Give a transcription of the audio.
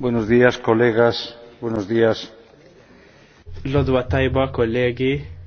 Buenos días, colegas. Buenos días. Lodwa tajba, kollegi.